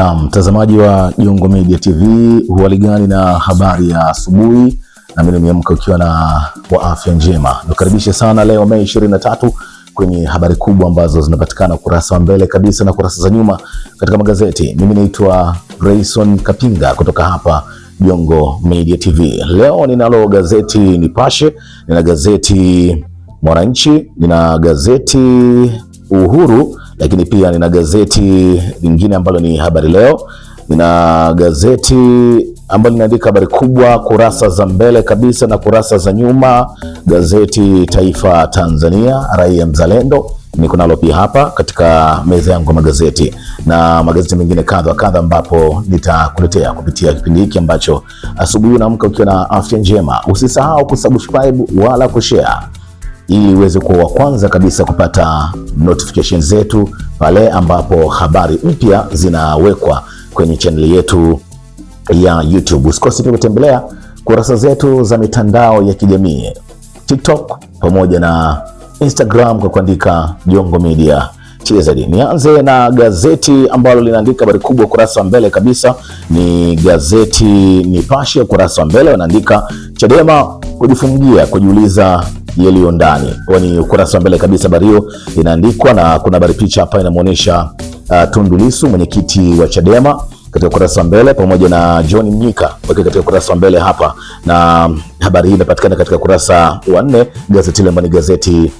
Na mtazamaji wa Jongo Media TV, hualigani na habari ya asubuhi, na mimi nimeamka ukiwa na wa afya njema. Nikukaribishe sana leo Mei 23 kwenye habari kubwa ambazo zinapatikana kurasa wa mbele kabisa na kurasa za nyuma katika magazeti. Mimi naitwa Grayson Kapinga kutoka hapa Jongo Media TV. Leo ninalo gazeti Nipashe, nina gazeti Mwananchi, nina gazeti Uhuru lakini pia nina gazeti lingine ambalo ni Habari Leo. Nina gazeti ambalo linaandika habari kubwa kurasa za mbele kabisa na kurasa za nyuma, gazeti Taifa Tanzania, Raia Mzalendo niko nalo pia hapa katika meza yangu ya magazeti na magazeti mengine kadha kadha, ambapo nitakuletea kupitia kipindi hiki ambacho asubuhi unaamka ukiwa na afya njema. Usisahau kusubscribe wala kushare ili uweze kuwa wa kwanza kabisa kupata notification zetu pale ambapo habari mpya zinawekwa kwenye chaneli yetu ya YouTube. Usikose pia kutembelea kurasa zetu za mitandao ya kijamii TikTok pamoja na Instagram kwa kuandika Jongo Media TZ. Nianze na gazeti ambalo linaandika habari kubwa kurasa wa mbele kabisa ni gazeti Nipashe, Kurasa wa mbele wanaandika Chadema kujifungia kujiuliza yaliyo ndani. Ni ukurasa wa mbele kabisa, habari hiyo inaandikwa na kuna habari picha hapa inamwonyesha uh, Tundu Lissu mwenyekiti wa Chadema katika ukurasa wa mbele pamoja na John Mnyika wakiwa katika ukurasa wa mbele hapa, na habari hii inapatikana katika ukurasa wa nne gazeti hili ambayo ni gazeti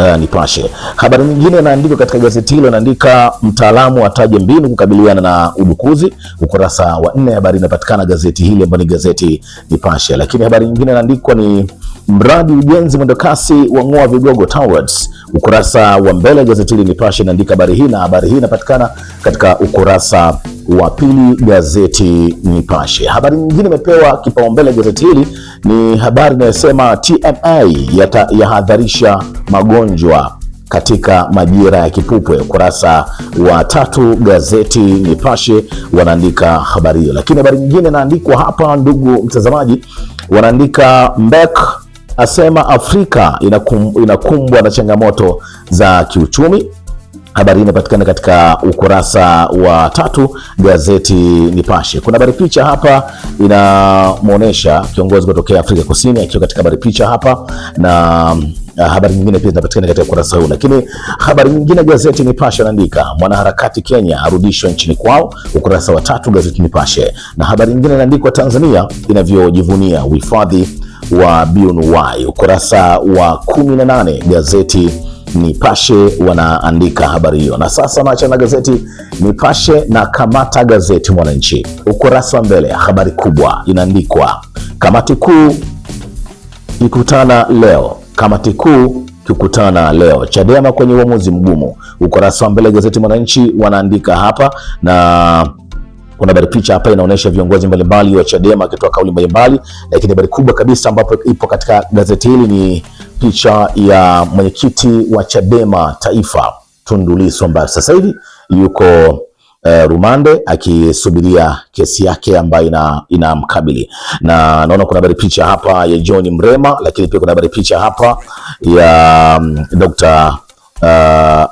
Uh, Nipashe. Habari nyingine inaandikwa katika gazeti hilo, inaandika mtaalamu ataje mbinu kukabiliana na udukuzi, ukurasa wa nne. Habari inapatikana gazeti hili ambayo ni gazeti Nipashe, lakini habari nyingine inaandikwa ni mradi ujenzi mwendokasi wa ng'oa vigogo Towers, ukurasa wa mbele. Gazeti hili Nipashe inaandika habari hii na habari hii inapatikana katika ukurasa wa pili gazeti Nipashe. Habari nyingine imepewa kipaumbele gazeti hili ni habari inayosema TMA yahadharisha magonjwa katika majira ya kipupwe. Ukurasa wa tatu gazeti Nipashe wanaandika habari hiyo, lakini habari nyingine inaandikwa hapa, ndugu mtazamaji, wanaandika Mbeki asema Afrika inakum, inakumbwa na changamoto za kiuchumi Habari inapatikana katika ukurasa wa tatu gazeti Nipashe. Kuna habari picha hapa inamwonyesha kiongozi kutokea Afrika Kusini akiwa katika habari picha hapa na ah, habari nyingine pia zinapatikana katika ukurasa huu, lakini habari nyingine gazeti Nipashe anaandika mwanaharakati Kenya arudishwa nchini kwao, ukurasa wa tatu gazeti Nipashe. Na habari nyingine inaandikwa Tanzania inavyojivunia uhifadhi wa BNY, ukurasa wa 18 gazeti Nipashe wanaandika habari hiyo. Na sasa naacha na gazeti Nipashe na kamata gazeti Mwananchi, ukurasa wa mbele, habari kubwa inaandikwa kamati kuu ikutana leo, kamati kuu kukutana leo, Chadema kwenye uamuzi mgumu. Ukurasa wa mbele gazeti Mwananchi wanaandika hapa na kuna habari picha hapa inaonyesha viongozi mbalimbali wa Chadema akitoa kauli mbalimbali, lakini habari kubwa kabisa ambapo ipo katika gazeti hili ni picha ya mwenyekiti wa Chadema Taifa Tundu Lissu ambaye sasa hivi yuko uh, rumande akisubiria kesi yake ambayo inamkabili ina na naona kuna habari picha hapa ya John Mrema, lakini pia kuna habari picha hapa ya um, Dr. Uh,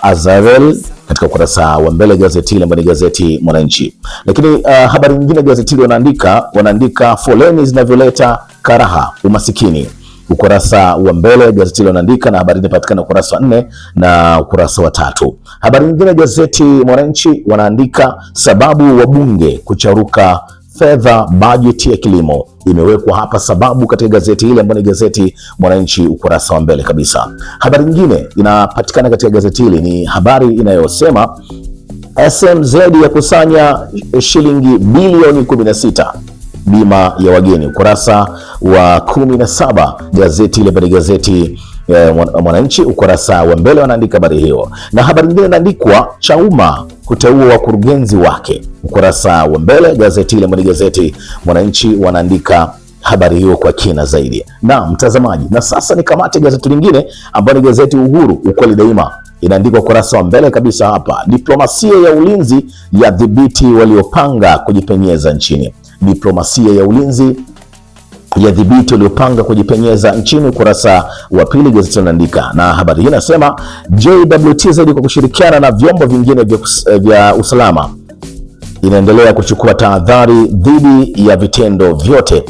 Azarel katika ukurasa wa mbele gazeti ile ambayo ni gazeti Mwananchi. Lakini uh, habari nyingine gazeti ile wanaandika wanaandika foleni zinavyoleta karaha umasikini ukurasa wa mbele gazeti gazeti linaandika na habari inapatikana ukurasa wa nne na ukurasa wa tatu. Habari nyingine gazeti Mwananchi wanaandika sababu wabunge kucharuka fedha bajeti ya kilimo imewekwa hapa sababu katika gazeti hili ambayo ni gazeti Mwananchi ukurasa wa mbele kabisa. Habari nyingine inapatikana katika gazeti hili ni habari inayosema SMZ ya kusanya shilingi bilioni 16 bima ya wageni, ukurasa wa 17 gazeti ile bali gazeti e, Mwananchi ukurasa wa mbele wanaandika habari hiyo, na habari nyingine inaandikwa Chauma kuteua wakurugenzi wake, ukurasa wa mbele gazeti ile pale gazeti Mwananchi wanaandika habari hiyo kwa kina zaidi, na mtazamaji. Na sasa ni kamati gazeti lingine ambayo ni gazeti Uhuru, ukweli daima inaandikwa ukurasa wa mbele kabisa hapa, diplomasia ya ulinzi ya dhibiti waliopanga kujipenyeza nchini diplomasia ya ulinzi ya dhibiti waliopanga kujipenyeza nchini, ukurasa wa pili gazeti linaandika, na habari hii inasema JWTZ kwa kushirikiana na vyombo vingine vya, eh, vya usalama inaendelea kuchukua tahadhari dhidi ya vitendo vyote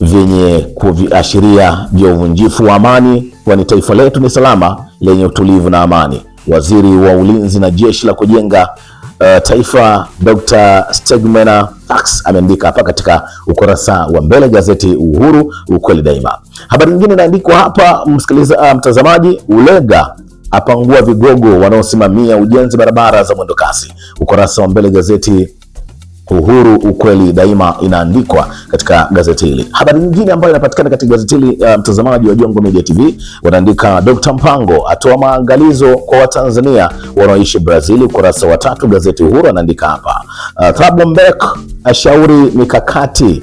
vyenye kuashiria vya uvunjifu wa amani, kwani taifa letu ni salama lenye utulivu na amani. Waziri wa ulinzi na jeshi la kujenga uh, Taifa Dr. Stegmena Ax ameandika hapa katika ukurasa wa mbele gazeti Uhuru ukweli daima. Habari nyingine inaandikwa hapa msikiliza, uh, mtazamaji Ulega apangua vigogo wanaosimamia ujenzi barabara za mwendokasi. Ukurasa wa mbele gazeti Uhuru ukweli daima inaandikwa katika gazeti hili. Habari nyingine ambayo inapatikana katika gazeti hili uh, mtazamaji wa Jongo Media TV wanaandika Dr. Mpango atoa maangalizo kwa Watanzania wanaoishi Brazil, ukurasa wa tatu gazeti Uhuru anaandika hapa. Uh, Thabo ashauri mikakati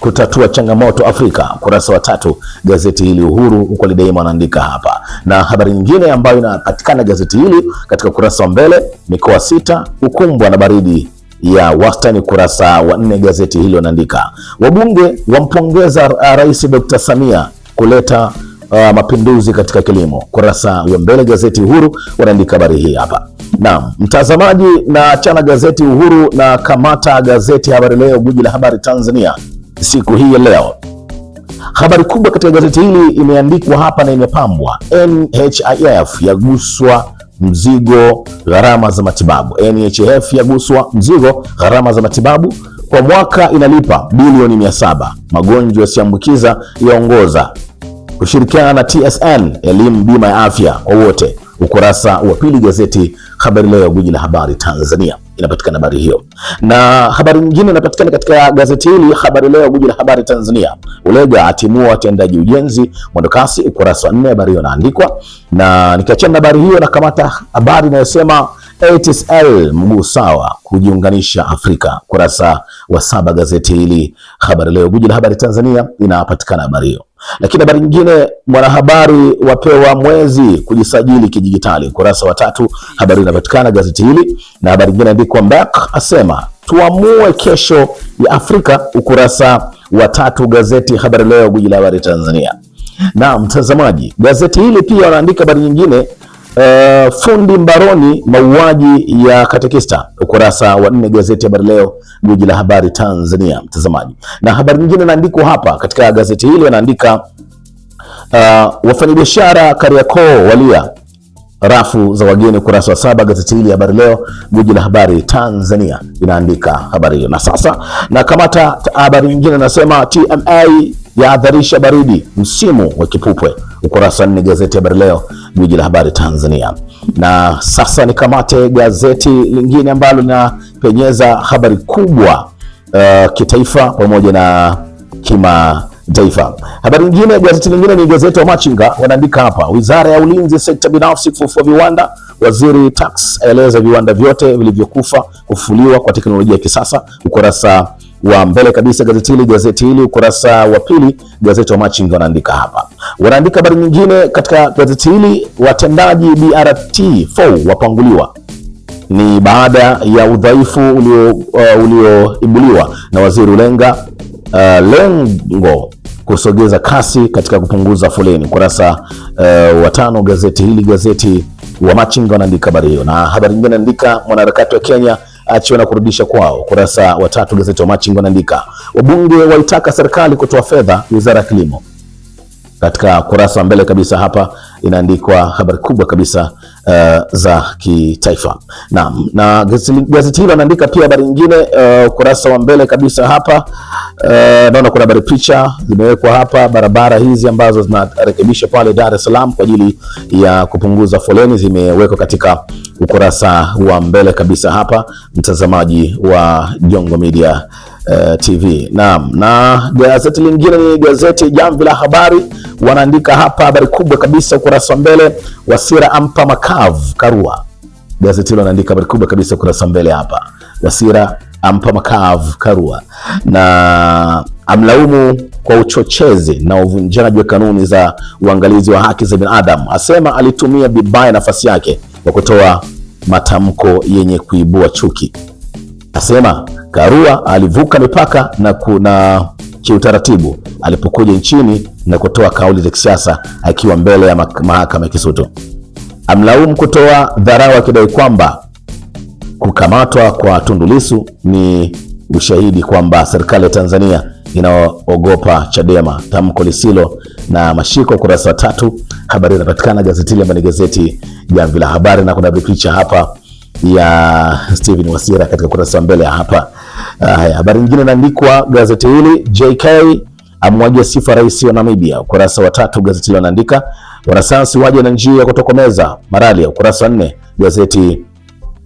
kutatua changamoto Afrika, ukurasa wa tatu gazeti hili Uhuru ukweli daima anaandika hapa. Na habari nyingine ambayo inapatikana gazeti hili katika ukurasa wa mbele, mikoa sita hukumbwa na baridi ya wastani, kurasa wa nne gazeti hilo naandika, wabunge wampongeza Rais Dr. Samia kuleta uh, mapinduzi katika kilimo. Kurasa ya mbele gazeti Uhuru wanaandika habari hii hapa. Naam, mtazamaji, na chana gazeti Uhuru na kamata gazeti Habari Leo, guji la habari Tanzania, siku hii ya leo habari kubwa katika gazeti hili imeandikwa hapa na imepambwa NHIF yaguswa mzigo gharama za matibabu. NHIF yaguswa mzigo gharama za matibabu kwa mwaka inalipa bilioni 700. Magonjwa yasiambukiza yaongoza. Kushirikiana na TSN, elimu bima ya afya kwa wote. Ukurasa wa pili, gazeti Habari Leo, gwiji la habari Tanzania inapatikana habari hiyo, na habari nyingine inapatikana katika gazeti hili Habari Leo, guji la habari Tanzania. Ulega atimua watendaji ujenzi mwendokasi, ukurasa wa nne, habari hiyo inaandikwa. Na nikiachana na habari hiyo, nakamata habari inayosema ATCL mguu sawa kujiunganisha Afrika, ukurasa wa saba, gazeti hili Habari Leo, guji la habari Tanzania, inapatikana habari hiyo. Lakini habari nyingine, mwanahabari wapewa mwezi kujisajili kidijitali, ukurasa wa tatu. Habari inapatikana gazeti hili, na habari nyingine andikwa Mbak asema tuamue kesho ya Afrika, ukurasa wa tatu, gazeti Habari Leo, gwiji la habari Tanzania. Na mtazamaji, gazeti hili pia wanaandika habari nyingine Uh, fundi mbaroni mauaji ya katekista, ukurasa wa nne gazeti Habari Leo, gwiji la habari Tanzania, mtazamaji. Na habari nyingine inaandikwa hapa katika gazeti hili, wanaandika uh, wafanyabiashara Kariakoo walia rafu za wageni, ukurasa wa saba gazeti hili Habari Leo, gwiji la habari Tanzania, inaandika habari hiyo. Na sasa na kamata habari nyingine, nasema TMA yahadharisha baridi msimu wa kipupwe, ukurasa wa nne gazeti Habari Leo Gwiji la habari Tanzania. Na sasa nikamate gazeti lingine ambalo linapenyeza habari kubwa uh, kitaifa pamoja na kimataifa. Habari nyingine, gazeti lingine ni gazeti wa Machinga, wanaandika hapa, wizara ya ulinzi, sekta binafsi kufufua viwanda Waziri Tax aeleza viwanda vyote vilivyokufa kufufuliwa kwa teknolojia ya kisasa. Ukurasa wa mbele kabisa gazeti hili, gazeti hili ukurasa wa pili, gazeti wa Machinga wanaandika hapa, wanaandika habari nyingine katika gazeti hili, watendaji BRT4 wapanguliwa ni baada ya udhaifu ulio uh, ulio na waziri Ulenga uh, lengo kusogeza kasi katika kupunguza foleni. Ukurasa uh, wa tano gazeti hili, gazeti wa Machinga wanaandika habari hiyo, na habari nyingine anaandika mwanaharakati wa Kenya achiwa na kurudisha kwao. Kurasa wa tatu gazeti wa Machinga anaandika wabunge waitaka serikali kutoa fedha wizara ya kilimo. Katika kurasa wa mbele kabisa hapa inaandikwa habari kubwa kabisa uh, za kitaifa. Naam, na gazeti hilo anaandika pia habari nyingine eh, ukurasa uh, wa mbele kabisa hapa uh, naona kuna habari picha zimewekwa hapa, barabara hizi ambazo zinarekebishwa pale Dar es Salaam kwa ajili ya kupunguza foleni zimewekwa katika ukurasa wa mbele kabisa hapa, mtazamaji wa Jongo Media uh, TV. Naam, na gazeti lingine ni gazeti Jamvi la Habari wanaandika hapa habari kubwa kabisa ukurasa wa mbele, Wasira ampa makavu Karua. Gazeti hilo habari kubwa kabisa ukurasa wa mbele hapa, Wasira ampa makavu Karua na amlaumu kwa uchochezi na uvunjaji wa kanuni za uangalizi wa haki za binadamu, asema alitumia vibaya nafasi yake kwa kutoa matamko yenye kuibua chuki. Asema Karua alivuka mipaka na kuna kiutaratibu alipokuja nchini na kutoa kauli za kisiasa akiwa mbele ya mahakama ya Kisutu. Amlaumu kutoa dharau akidai kwamba kukamatwa kwa Tundu Lissu ni ushahidi kwamba serikali ya Tanzania inaogopa Chadema, tamko lisilo na mashiko, kurasa wa tatu. Habari inapatikana gazetini ambayo ni gazeti Jamvi la Habari, na kuna picha hapa ya Steven Wasira katika kurasa wa mbele hapa Ah, haya, habari nyingine inaandikwa gazeti hili, JK amwaje sifa rais wa Namibia, ukurasa wa tatu. Gazeti hilo linaandika wanasayansi waje na njia ya kutokomeza malaria, ukurasa wa nne. Gazeti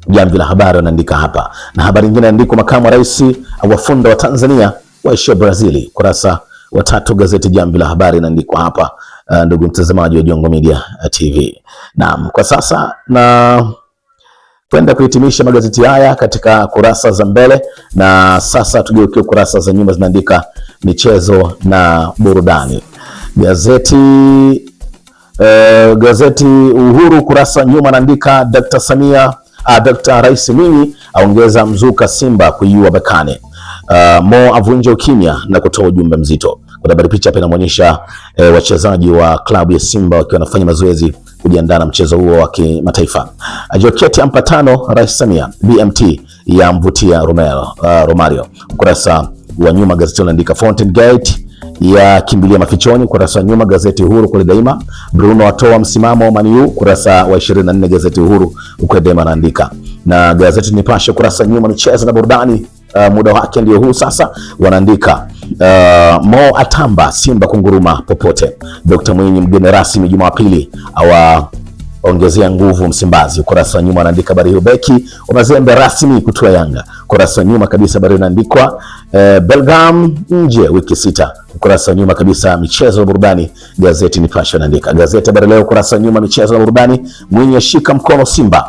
Jamvi la Habari wanaandika hapa, na habari nyingine inaandikwa makamu wa rais awafunda wa Tanzania waishio Brazili, ukurasa wa tatu. Gazeti Jamvi la Habari inaandikwa hapa, ah, ndugu mtazamaji wa Jongo Media eh, TV. Naam, kwa sasa na Tuenda kuhitimisha magazeti haya katika kurasa za mbele, na sasa tugeukie kurasa za nyuma zinaandika michezo na burudani. Gazeti eh, gazeti Uhuru kurasa nyuma naandika Dr. Samia ah, Rais Mwinyi aongeza mzuka Simba kuiua Berkane. Uh, ah, Mo avunja ukimya na kutoa ujumbe mzito. Kwa habari picha hapa inaonyesha e, eh, wachezaji wa klabu ya Simba wakiwa wanafanya mazoezi kujiandaa na mchezo huo wa kimataifa. Joketi ampa tano Rais Samia, BMT ya mvutia Romero, uh, Romario. Ukurasa wa nyuma gazeti unaandika Fountain Gate ya kimbilia mafichoni. Ukurasa wa nyuma gazeti Uhuru kule daima, Bruno atoa msimamo wa Maniu. Ukurasa wa 24 gazeti Uhuru ukwe daima anaandika, na gazeti Nipashe ukurasa wa nyuma michezo na burudani uh, muda wake ndio huu sasa, wanaandika uh, Mo atamba Simba kunguruma popote. Dr. Mwinyi mgeni rasmi Jumapili awa ongezea nguvu Msimbazi. Ukurasa wa nyuma anaandika habari hiyo. Beki unazembe rasmi kutua Yanga. Ukurasa wa nyuma kabisa habari inaandikwa eh, uh, Belgium nje wiki sita. Ukurasa wa nyuma kabisa michezo na burudani, gazeti Nipashe anaandika. Gazeti Habari Leo ukurasa wa nyuma michezo na burudani, Mwinyi ashika mkono Simba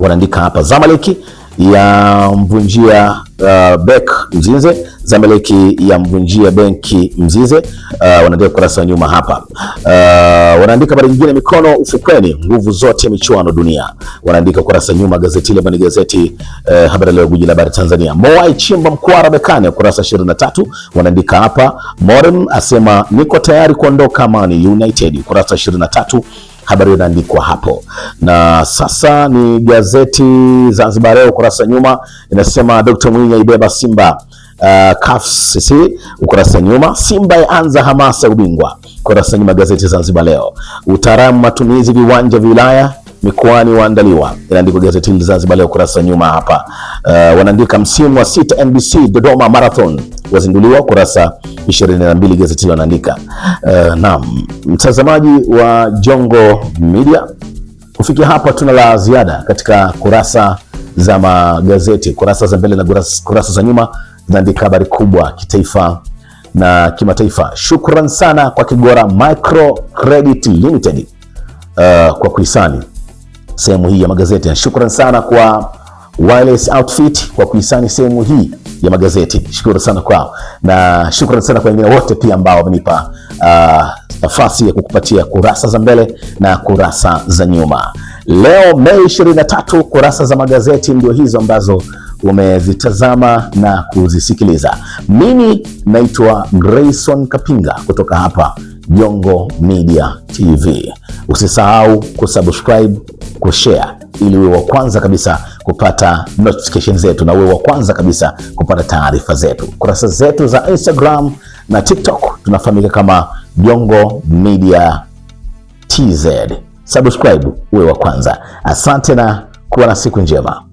wanaandika hapa. Zamaleki ya mvunjia uh, bek Mzize, Zamelek ya mvunjia benki Mzize. Uh, wanaandika kurasa nyuma hapa uh, wanaandika habari nyingine, mikono ufukweni, nguvu zote michuano dunia, wanaandika kurasa nyuma gazeti ile ni gazeti uh, Habari Leo, guji la habari Tanzania. Moai chimba mkwara bekane, kurasa 23 wanaandika hapa. Morem asema niko tayari kuondoka Amani United, kurasa 23 habari inaandikwa hapo. Na sasa ni gazeti Zanzibar Leo ukurasa nyuma inasema Dr. Mwinyi aibeba Simba Uh, CAF CC ukurasa nyuma, Simba yaanza hamasa ubingwa, ukurasa nyuma gazeti Zanzibar Leo. Utaalamu matumizi viwanja vya wilaya mikoani waandaliwa, inaandikwa gazeti hili Zanzibar Leo ukurasa nyuma hapa. Uh, wanaandika msimu wa sita NBC Dodoma Marathon wazinduliwa, ukurasa 22 gazeti hilo anaandika uh, naam, mtazamaji wa Jongo Media, kufikia hapa tuna la ziada katika kurasa za magazeti, kurasa za mbele na kurasa, kurasa za nyuma zinaandika habari kubwa kitaifa na kimataifa. Shukran sana kwa Kigora Micro Credit Limited uh, kwa kuisani sehemu hii ya magazeti. Shukran sana kwa Wireless Outfit kwa kuisani sehemu hii ya magazeti. Shukrani sana kwao na shukrani sana kwa wengine wote pia ambao wamenipa uh, nafasi uh, ya kukupatia kurasa za mbele na kurasa za nyuma. Leo Mei 23, kurasa za magazeti ndio hizo ambazo umezitazama na kuzisikiliza. Mimi naitwa Grayson Kapinga kutoka hapa Jongo Media TV. Usisahau kusubscribe, kushare ili uwe wa kwanza kabisa kupata notification zetu na uwe wa kwanza kabisa kupata taarifa zetu. Kurasa zetu za Instagram na TikTok tunafahamika kama Jongo Media TZ. Subscribe uwe wa kwanza. Asante na kuwa na siku njema.